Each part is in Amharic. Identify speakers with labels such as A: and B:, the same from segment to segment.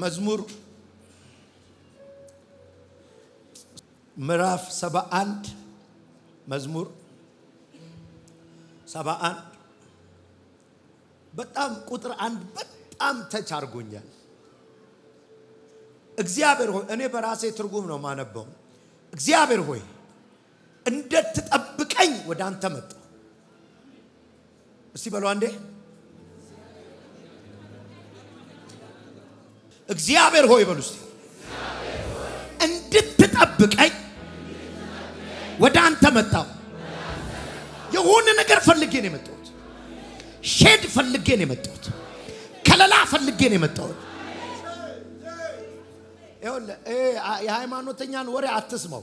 A: መዝሙር ምዕራፍ 71 መዝሙር 71 በጣም ቁጥር አንድ በጣም ተች አድርጎኛል። እግዚአብሔር ሆይ እኔ በራሴ ትርጉም ነው ማነበው። እግዚአብሔር ሆይ እንደትጠብቀኝ ወደ አንተ መጣሁ። እስቲ በሉ አንዴ እግዚአብሔር ሆይ በሉ እስቲ እንድትጠብቀኝ ወደ አንተ መጣሁ። የሆነ ነገር ፈልጌ ነው የመጣሁት። ሼድ ፈልጌ ነው የመጣሁት። ከለላ ፈልጌ ነው የመጣሁት። የሃይማኖተኛን ወሬ አትስመው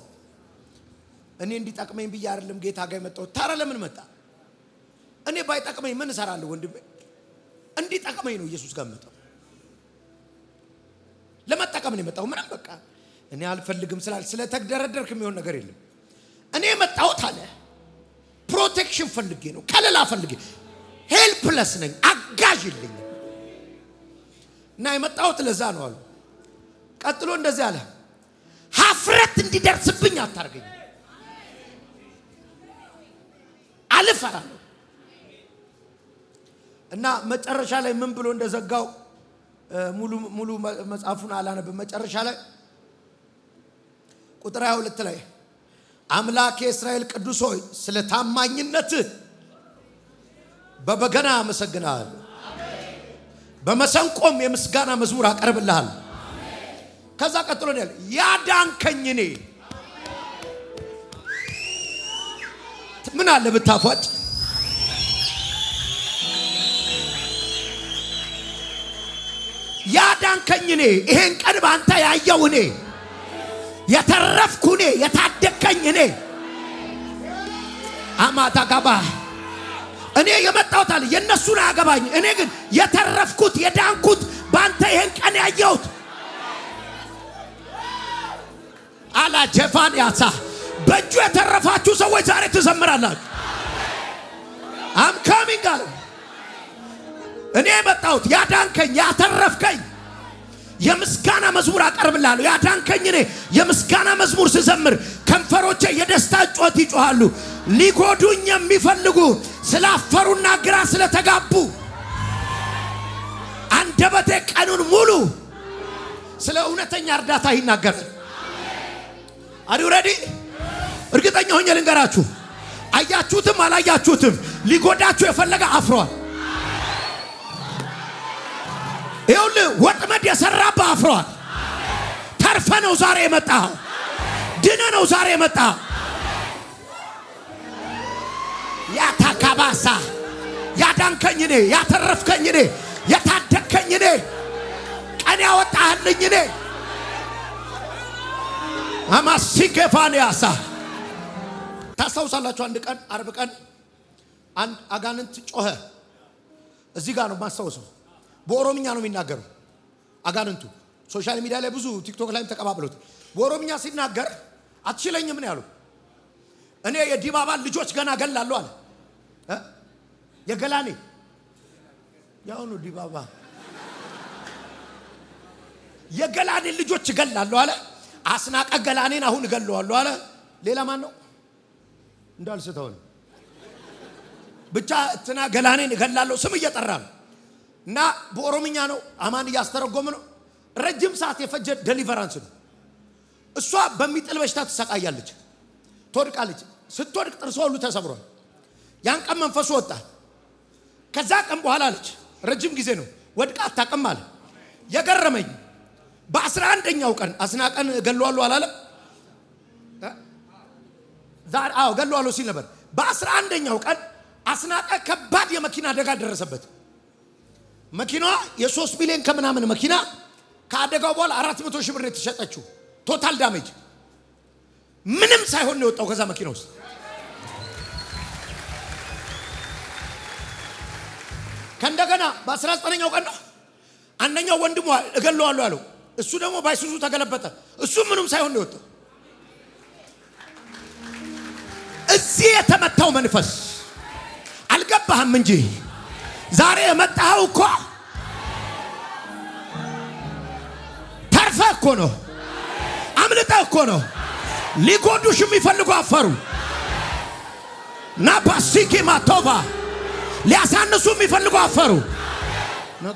A: እኔ እንዲጠቅመኝ ብዬ አይደለም ጌታ ጋር የመጣሁት። ታዲያ ለምን መጣ? እኔ ባይጠቅመኝ ምን እሰራለሁ ወንድሜ? እንዲጠቅመኝ ነው ኢየሱስ ጋር መጣሁ። ምን ነው የመጣው። ምንም በቃ እኔ አልፈልግም ስላል ስለተደረደርክ የሚሆን ነገር የለም። እኔ የመጣሁት አለ ፕሮቴክሽን ፈልጌ ነው፣ ከለላ ፈልጌ ሄልፕለስ ነኝ፣ አጋዥ የለኝ እና የመጣሁት ለዛ ነው አሉ። ቀጥሎ እንደዚህ አለ፣ ሀፍረት እንዲደርስብኝ አታርገኝ፣ አልፈራለሁ። እና መጨረሻ ላይ ምን ብሎ እንደዘጋው ሙሉ ሙሉ መጽሐፉን አላነብም። መጨረሻ ላይ ቁጥር 22 ላይ አምላክ የእስራኤል ቅዱስ ሆይ ስለ ታማኝነት በበገና አመሰግናል፣ በመሰንቆም የምስጋና መዝሙር አቀርብልሃል። ከዛ ቀጥሎ ያል ያዳንከኝ እኔ ምን አለ ብታፏጭ ያዳንከኝ እኔ፣ ይሄን ቀን ባንተ ያየው እኔ፣ የተረፍኩ እኔ፣ የታደከኝ እኔ አማታ ጋባ እኔ የመጣሁት አለ የእነሱን አገባኝ። እኔ ግን የተረፍኩት የዳንኩት ባንተ ይሄን ቀን ያየሁት አላ ጀፋን ያሳ በእጁ የተረፋችሁ ሰዎች ዛሬ ትዘምራላችሁ። አም አለ እኔ የመጣሁት ያዳንከኝ ያተረፍከኝ የምስጋና መዝሙር አቀርብላለሁ። ያዳንከኝ እኔ የምስጋና መዝሙር ስዘምር ከንፈሮቼ የደስታ ጮት ይጮሃሉ። ሊጎዱኝ የሚፈልጉ ስላፈሩና ግራ ስለተጋቡ አንደበቴ ቀኑን ሙሉ ስለ እውነተኛ እርዳታ ይናገራል። አሪው ረዲ እርግጠኛ ሆኜ ልንገራችሁ፣ አያችሁትም አላያችሁትም ሊጎዳችሁ የፈለገ አፍሯል። ይኸውልህ ወጥመድ የሰራብህ አፍሯል። ተርፈ ነው ዛሬ የመጣ ድነ ነው ዛሬ የመጣ ያታካባሳ ያዳንከኝ እኔ ያተረፍከኝ እኔ የታደግከኝ እኔ ቀን ያወጣህልኝ እኔ አማሲኬፋንያሳ ታስታውሳላችሁ? አንድ ቀን አርብ ቀን አንድ አጋንንት ጮኸ። እዚህ ጋር ነው ማስታውሰው በኦሮምኛ ነው የሚናገረው። አጋንንቱ ሶሻል ሚዲያ ላይ ብዙ ቲክቶክ ላይም ተቀባብሎት በኦሮምኛ ሲናገር አትችለኝም ነው ያሉ። እኔ የዲባባን ልጆች ገና ገላለሁ አለ። የገላኔ ያሁኑ ዲባባ የገላኔን ልጆች እገላለሁ አለ። አስናቀ ገላኔን አሁን እገለዋለሁ አለ። ሌላ ማን ነው እንዳልስተው ብቻ እትና ገላኔን እገላለሁ ስም እየጠራ ነው። እና በኦሮምኛ ነው አማን እያስተረጎመ ነው። ረጅም ሰዓት የፈጀ ደሊቨራንስ ነው። እሷ በሚጥል በሽታ ትሰቃያለች፣ ትወድቃለች። ስትወድቅ ጥርሷ ሁሉ ተሰብሯል። ያን ቀን መንፈሱ ወጣ። ከዛ ቀን በኋላ አለች ረጅም ጊዜ ነው ወድቃ አታውቅም አለ። የገረመኝ በአስራ አንደኛው ቀን ቀን ገለዋለሁ አላለም። አዎ ገለዋለሁ ሲል ነበር። በአስራ አንደኛው ቀን አስናቀ ከባድ የመኪና አደጋ ደረሰበት። መኪናዋ የሶስት ሚሊዮን ከምናምን መኪና ከአደጋው በኋላ አራት መቶ ሺህ ብር የተሸጠችው ቶታል ዳሜጅ ምንም ሳይሆን ነው የወጣው ከዛ መኪና ውስጥ። ከእንደገና በ19ኛው ቀን ነው አንደኛው ወንድሙ እገለዋለሁ ያለው እሱ ደግሞ ባይሱዙ ተገለበጠ። እሱ ምንም ሳይሆን ነው የወጣው። እዚህ የተመታው መንፈስ አልገባህም እንጂ ዛሬ የመጣኸው እኮ ተርፈ እኮ ነው። አምልጠ እኮ ነው። ሊጎዱሽ የሚፈልጉ አፈሩ። ናፓሲኪ ማቶቫ ሊያሳንሱ የሚፈልጉ አፈሩ።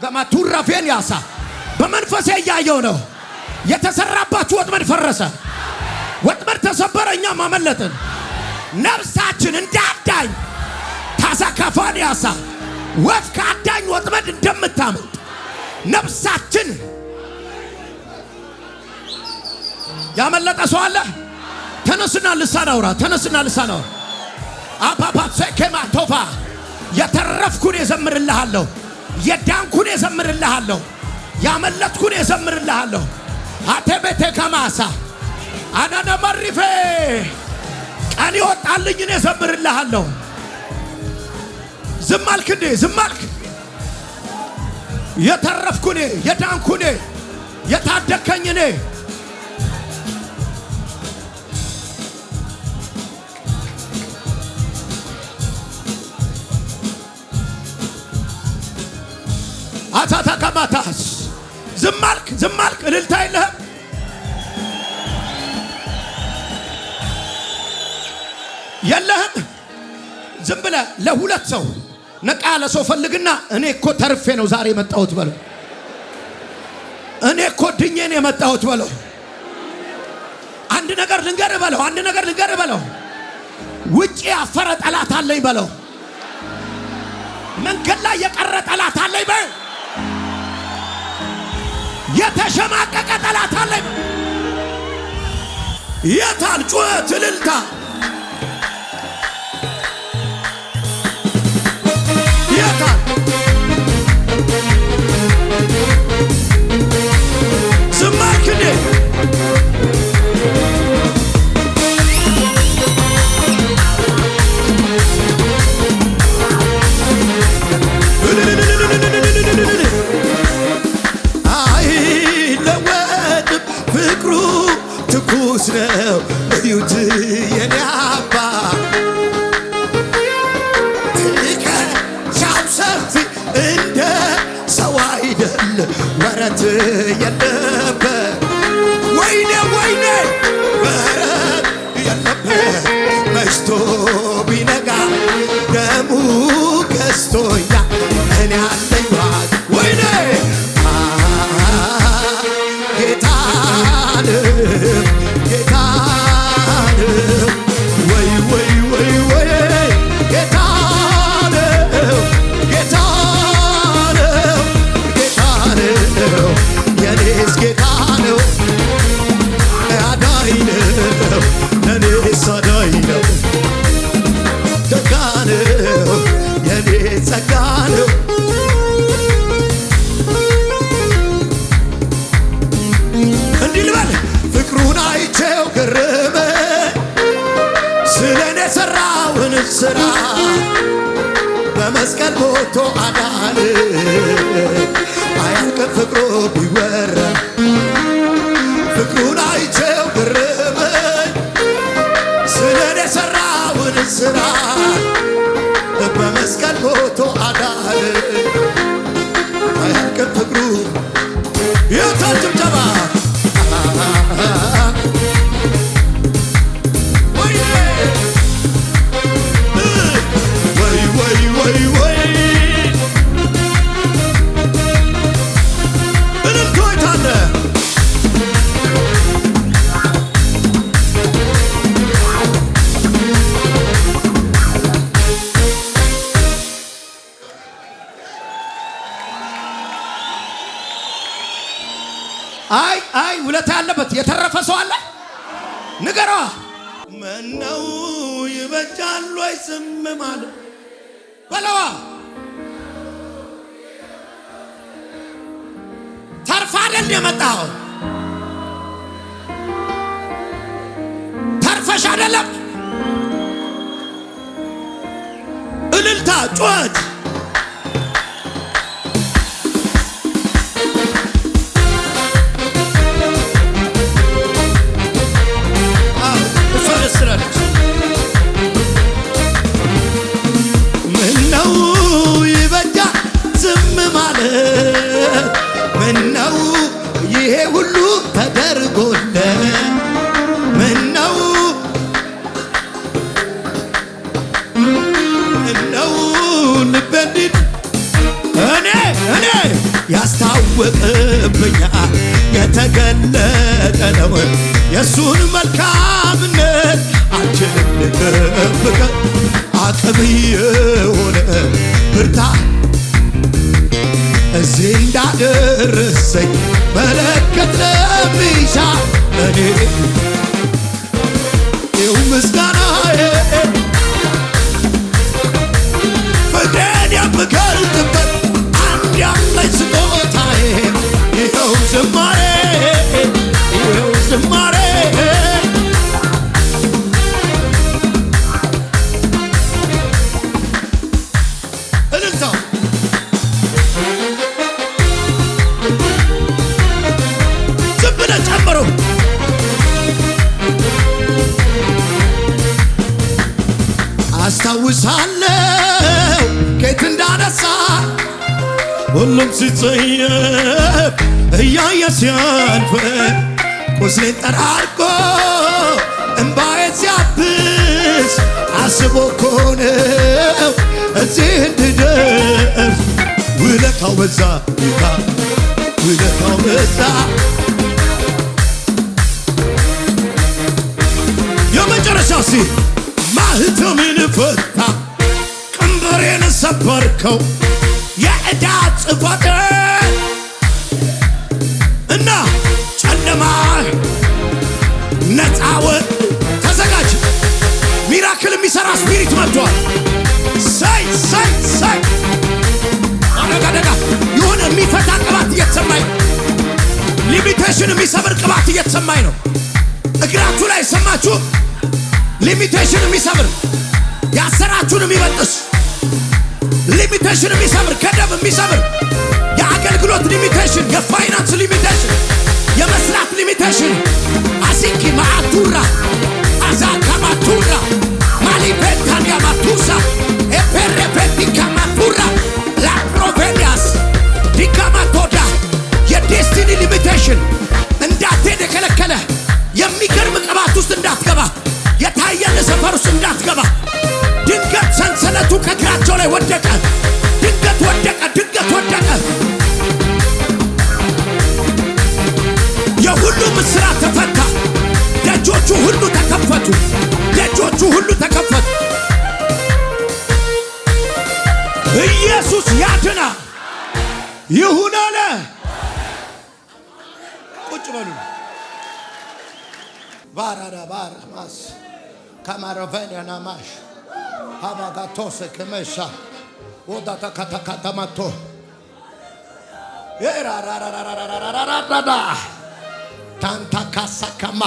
A: ገማቱራፌን ያሳ በመንፈሴ እያየው ነው። የተሰራባችሁ ወጥመድ ፈረሰ። ወጥመድ ተሰበረ። እኛ ማመለጥን ነፍሳችን እንዳዳኝ ታሳካፋን ያሳ ወፍ ከአዳኝ ወጥመድ እንደምታመልጥ ነፍሳችን ያመለጠ ሰው አለ። ተነስና ልሳን አውራ። ተነስና ልሳን አውራ። አባባት ሴኬማ ቶፋ የተረፍኩን የዘምርልሃለሁ፣ የዳንኩን የዘምርልሃለሁ፣ ያመለጥኩን የዘምርልሃለሁ። አቴቤቴ ከማሳ አናነመሪፌ ቀን ይወጣልኝን የዘምርልሃለሁ ዝም አልክ እንዴ? ዝም አልክ። የተረፍኩ እኔ፣ የዳንኩ እኔ፣ የታደከኝ እኔ። አታታካማታስ ዝም አልክ፣ ዝም አልክ። እልልታ የለህም። የለህም ዝም ብለህ ለሁለት ሰው ነቃ ያለ ሰው ፈልግና እኔ እኮ ተርፌ ነው ዛሬ የመጣሁት በለው። እኔ እኮ ድኜን የመጣሁት በለው። አንድ ነገር ልንገር በለው። አንድ ነገር ልንገር በለው። ውጭ ያፈረ ጠላት አለኝ በለው። መንገድ ላይ የቀረ ጠላት አለኝ በ የተሸማቀቀ ጠላት አለኝ የታል ጩኸት እልልታ Satan የሰራውን ስራ በመስቀል ሞቶ አዳነ አያልቅም ፍቅሩ እምነት ያለበት የተረፈ ሰው አለ? ንገሯ። መነው ይበጃል ወይ ስም ማለት በለዋ። ተርፋ አይደል የመጣው ተርፈሽ አይደለም? እልልታ ጩኸት ተደርጎለ ምነው ምነው ልበድድ እኔ እኔ ያስታወቅብኛል የተገለጠ ነው የእሱን መልካምነት አልችልም ልጠብቀው የሆነ ብርታ እዚህ እንዳደረሰኝ መለከት ለሚሻ እኔ ምስጋና ፍቅሬን የምገልጥበት አንድ ያለኝ ስጦታዬ ይኸው ዝማሬ ሳለው ከየት እንዳነሳ ሁሉም ሲጸየፍ እያየ ሲያልፍ ቁስሌን ጠራርጎ እምባዬ ሲያብስ አስቦ እኮ እዚህ እንድደርስ ውለታው በዛ ጌታ ውለታው በዛ የመጨረሻ ሲ ህተሜን ፈታ ቀንበሬን ሰበርከው የዕዳ ጽፈት እና ጨለማ ነፃወ ተዘጋጅ። ሚራክል የሚሠራ ስፒሪት መጥቷል። ሳይ ሳይ ሳይ አረጋደጋ የሆነ የሚፈታ ቅባት እየተሰማኝ ሊሚቴሽን የሚሰብር ቅባት እየተሰማኝ ነው። እግራችሁ ላይ ሰማችሁ ሊሚቴሽን የሚሰብር ያሰራችሁን የሚበጥስ ሊሚቴሽን የሚሰብር ከደብ የሚሰብር የአገልግሎት ሊሚቴሽን፣ የፋይናንስ ሊሚቴሽን፣ የመስራት ሊሚቴሽን አሲንኪ ማአቱራ አዛካማቱራ ማሊቤታንያማቱሳ ኢየሱስ ያድና ይሁን አለ። ቁጭ በሉ ባራራ ባራ ማስ ካማረፈኒያና ማሽ ሀባጋቶስ ከመሻ ወዳታ ካታካታማቶ ታንታካሳካማ